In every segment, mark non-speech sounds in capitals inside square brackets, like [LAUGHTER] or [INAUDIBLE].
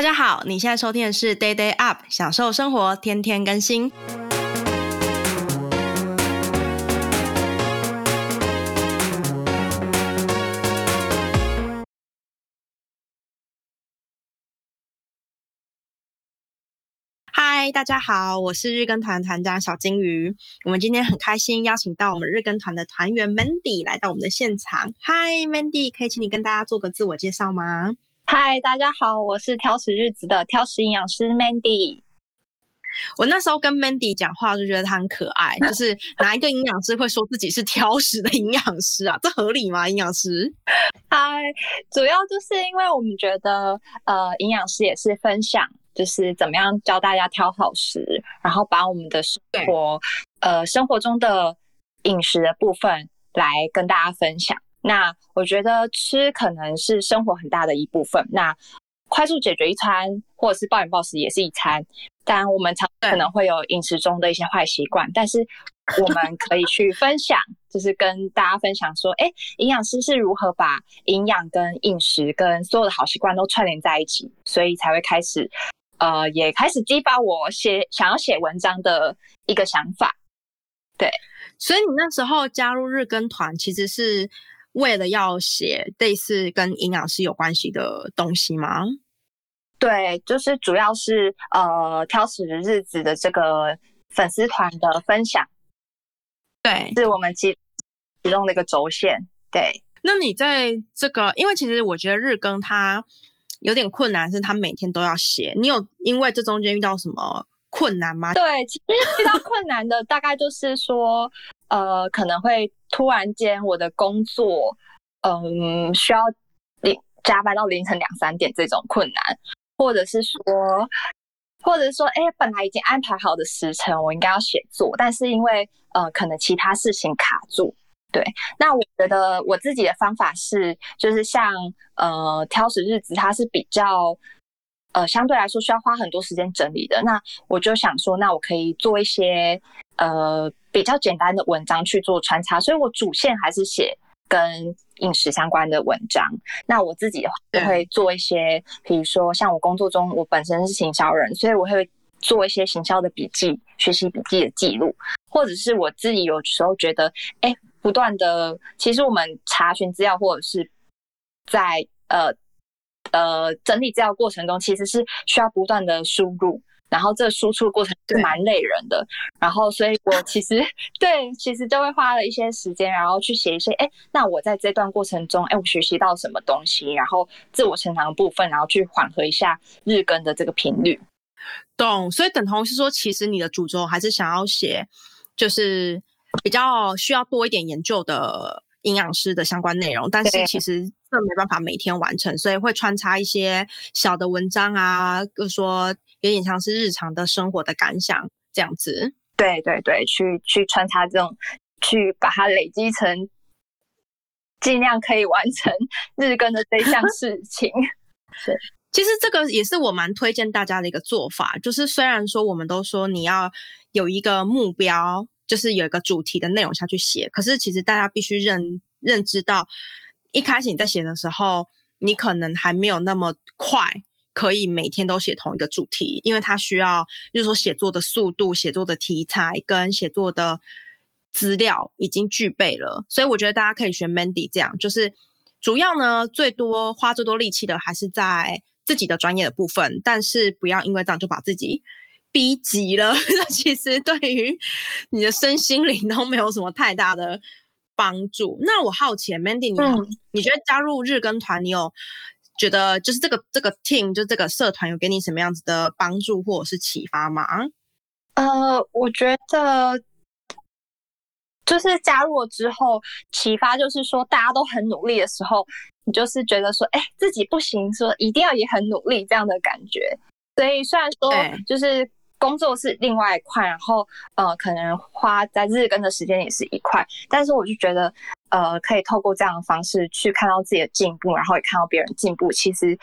大家好，你現在收聽的是 Day Day Up，享受生活，天天更新。嗨，大家好，我是日更團團長小金魚。我們今天很開心邀請到我們日更團的團員 Mandy 來到我們的現場。嗨，Mandy，可以請你跟大家做個自我介紹嗎？嗨，Hi, 大家好，我是挑食日子的挑食營養師 Mandy。我那時候跟 Mandy 講話就覺得她很可愛， [LAUGHS] 就是哪一個營養師會說自己是挑食的營養師啊？這合理嗎？營養師？嗨，主要就是因為我們覺得，呃，營養師也是分享，就是怎麼樣教大家挑好食，然後把我們的生活，對呃，生活中的飲食的部分來跟大家分享。那我覺得吃可能是生活很大的一部分。那快速解決一餐，或者是暴飲暴食也是一餐。當然，我們常，常可能會有飲食中的一些壞習慣，對但是我們可以去分享， [LAUGHS] 就是跟大家分享說，誒，營養師是如何把營養跟飲食跟所有的好習慣都串聯在一起，所以才會開始，呃，也開始激發我寫想要寫文章的一個想法。對，所以你那時候加入日更團，其實是。為了要寫類似跟營養師有關係的東西嗎？對，就是主要是呃挑食，的日子的這個粉絲團的分享。對，是我們其中的一個軸線。對，那你在這個，因為其實我覺得日更它有點困難，是它每天都要寫。你有因為這中間遇到什麼困難嗎？對， [LAUGHS] 其實遇到困難的大概就是說，呃，可能會。突然間，我的工作，嗯，需要加班到凌晨兩三點這種困難，或者是說，或者是說，哎、欸，本來已經安排好的時程，我應該要寫作，但是因為呃，可能其他事情卡住，對。那我覺得我自己的方法是，就是像呃，挑食日子，它是比較。呃，相對來說需要花很多時間整理的，那我就想說，那我可以做一些呃比較簡單的文章去做穿插，所以我主線還是寫跟飲食相關的文章。那我自己會做一些，嗯、比如說像我工作中，我本身是行銷人，所以我會做一些行銷的筆記、學習筆記的記錄，或者是我自己有時候覺得，哎，不斷的，其實我們查詢資料或者是在呃。呃，整理資料過程中其實是需要不斷的輸入，然後這輸出的過程是蠻累人的。對然後，所以我其實 [LAUGHS] 對，其實就會花了一些時間，然後去寫一些，哎，那我在這段過程中，哎，我學習到什麼東西，然後自我成長的部分，然後去緩和一下日更的這個頻率。懂，所以等同是說，其實你的主軸還是想要寫，就是比較需要多一點研究的。營養師的相關內容，但是其實這沒辦法每天完成，對所以會穿插一些小的文章啊，就是說有點像是日常的生活的感想這樣子。對對對，去去穿插這種，去把它累積成，盡量可以完成日更的這項事情。 [LAUGHS] 是，其實這個也是我蠻推薦大家的一個做法，就是雖然說我們都說你要有一個目標。就是有一個主題的內容下去寫，可是其實大家必須認認知到，一開始你在寫的時候，你可能還沒有那麼快可以每天都寫同一個主題，因為它需要，就是說寫作的速度、寫作的題材跟寫作的資料已經具備了，所以我覺得大家可以學 Mandy 這樣，就是主要呢最多花最多力氣的還是在自己的專業的部分，但是不要因為這樣就把自己。逼急了，那其實對於你的身心靈都沒有什麼太大的幫助。那我好奇，Mandy，你、嗯、你覺得加入日更團，你有覺得就是這個這個 team 就是這個社團有給你什麼樣子的幫助或者是啟發嗎？呃，我覺得就是加入了之後啟發就是說，大家都很努力的時候，你就是覺得說哎、欸、自己不行，說一定要也很努力這樣的感覺。所以雖然說就是。工作是另外一塊，然後呃，可能花在日更的時間也是一塊，但是我就覺得，呃，可以透過這樣的方式去看到自己的進步，然後也看到別人進步，其實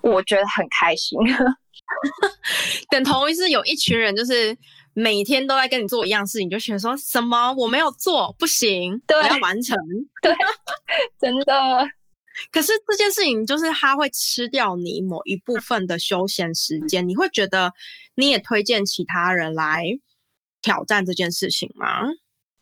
我覺得很開心。 [LAUGHS] [LAUGHS] 等同於是有一群人，就是每天都在跟你做一樣事情，就選擇說什麼我沒有做不行，我對要完成， [LAUGHS] 對，真的。可是這件事情就是它會吃掉你某一部分的休閒時間，你會覺得，你也推薦其他人來挑戰這件事情嗎？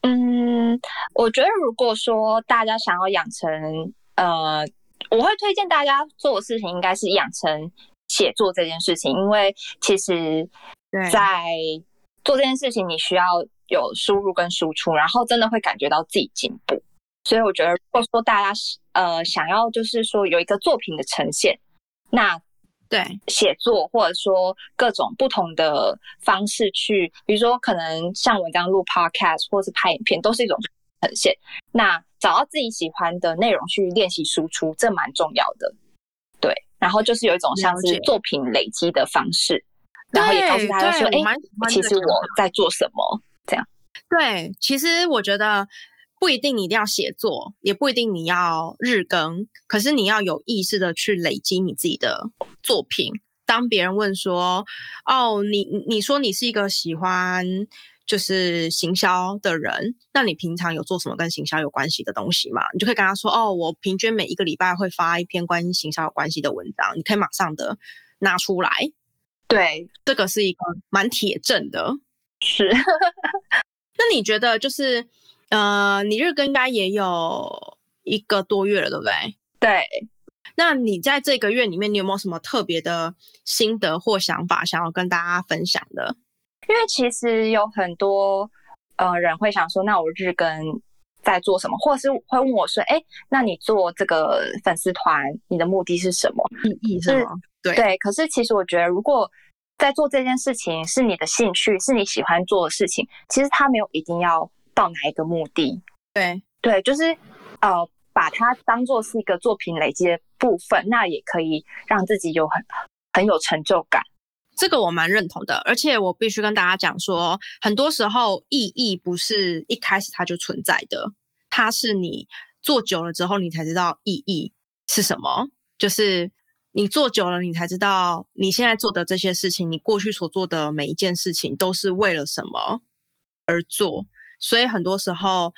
嗯，我覺得如果說大家想要養成，呃，我會推薦大家做的事情應該是養成寫作這件事情，因為其實，在做這件事情你需要有輸入跟輸出，然後真的會感覺到自己進步。所以我覺得，如果說大家呃想要，就是說有一個作品的呈現，那對寫作或者說各種不同的方式去，比如說可能像我這樣錄 podcast 或是拍影片，都是一種呈現。那找到自己喜歡的內容去練習輸出，這蠻重要的。對，然後就是有一種像是作品累積的方式，對然後也告訴大家說：“哎、欸，其實我在做什麼。”這樣。對，其實我覺得。不一定你一定要寫作，也不一定你要日更，可是你要有意識的去累積你自己的作品。當別人問說：“哦，你你說你是一個喜歡就是行銷的人，那你平常有做什麼跟行銷有關係的東西嗎？”你就可以跟他說：“哦，我平均每一個禮拜會發一篇關於行銷有關係的文章。”你可以馬上的拿出來，對，這個是一個蠻鐵證的。是， [LAUGHS] 那你覺得就是，呃，你日更應該也有一個多月了，對不對？對。那你在這個月裡面，你有沒有什麼特別的心得或想法想要跟大家分享的？因為其實有很多呃人會想說，那我日更在做什麼，或者是會問我說，哎、欸，那你做這個粉絲團，你的目的是什麼？意義什麼是嗎？對對。可是其實我覺得，如果在做這件事情是你的興趣，是你喜歡做的事情，其實它沒有一定要。到哪一個目的？對對，就是，呃，把它當做是一個作品累積的部分，那也可以讓自己有很很有成就感。這個我蠻認同的。而且我必須跟大家講說，很多時候意義不是一開始它就存在的，它是你做久了之後，你才知道意義是什麼。就是你做久了，你才知道你現在做的這些事情，你過去所做的每一件事情都是為了什麼而做。所以很多時候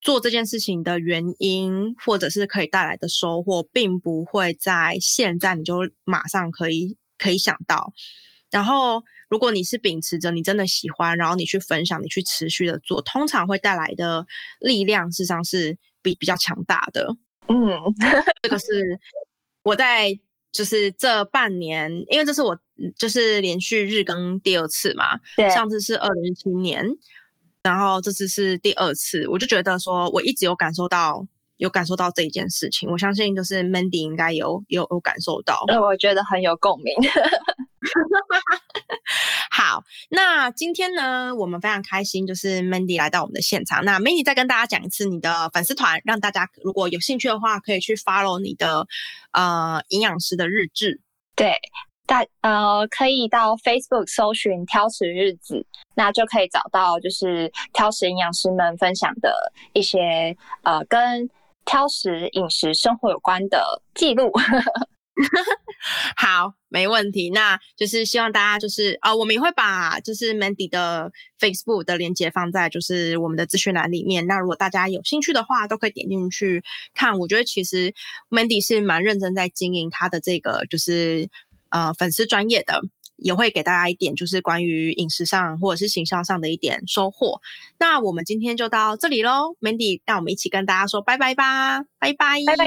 做這件事情的原因，或者是可以帶來的收穫，並不會在現在你就馬上可以可以想到。然後，如果你是秉持着你真的喜歡，然後你去分享，你去持續的做，通常會帶來的力量，事實上是比比較強大的。嗯， [LAUGHS] 這個是我在就是這半年，因為這是我就是連續日更第二次嘛，對上次是二零一七年。然後這次是第二次，我就覺得說我一直有感受到，有感受到這一件事情。我相信就是 Mandy 應該有有有感受到，那我覺得很有共鳴。 [LAUGHS] [LAUGHS] 好，那今天呢，我們非常開心，就是 Mandy 來到我們的現場。那 Mandy 再跟大家講一次你的粉絲團，讓大家如果有興趣的話，可以去 follow 你的呃營養師的日志。對。大呃，可以到 Facebook 搜尋挑食日子，那就可以找到就是挑食營養師們分享的一些呃跟挑食飲食生活有關的記錄。 [LAUGHS] [LAUGHS] 好，沒問題。那就是希望大家就是啊、呃，我們也會把就是 Mandy 的 Facebook 的連結放在就是我們的資訊欄裡面。那如果大家有興趣的話，都可以點進去看。我覺得其實 Mandy 是蠻認真在經營她的這個就是。呃，粉絲專業的也會給大家一點，就是關於飲食上或者是形象上的一點收穫。那我們今天就到這裡嘍，Mandy，讓我們一起跟大家說拜拜吧，拜拜，拜拜。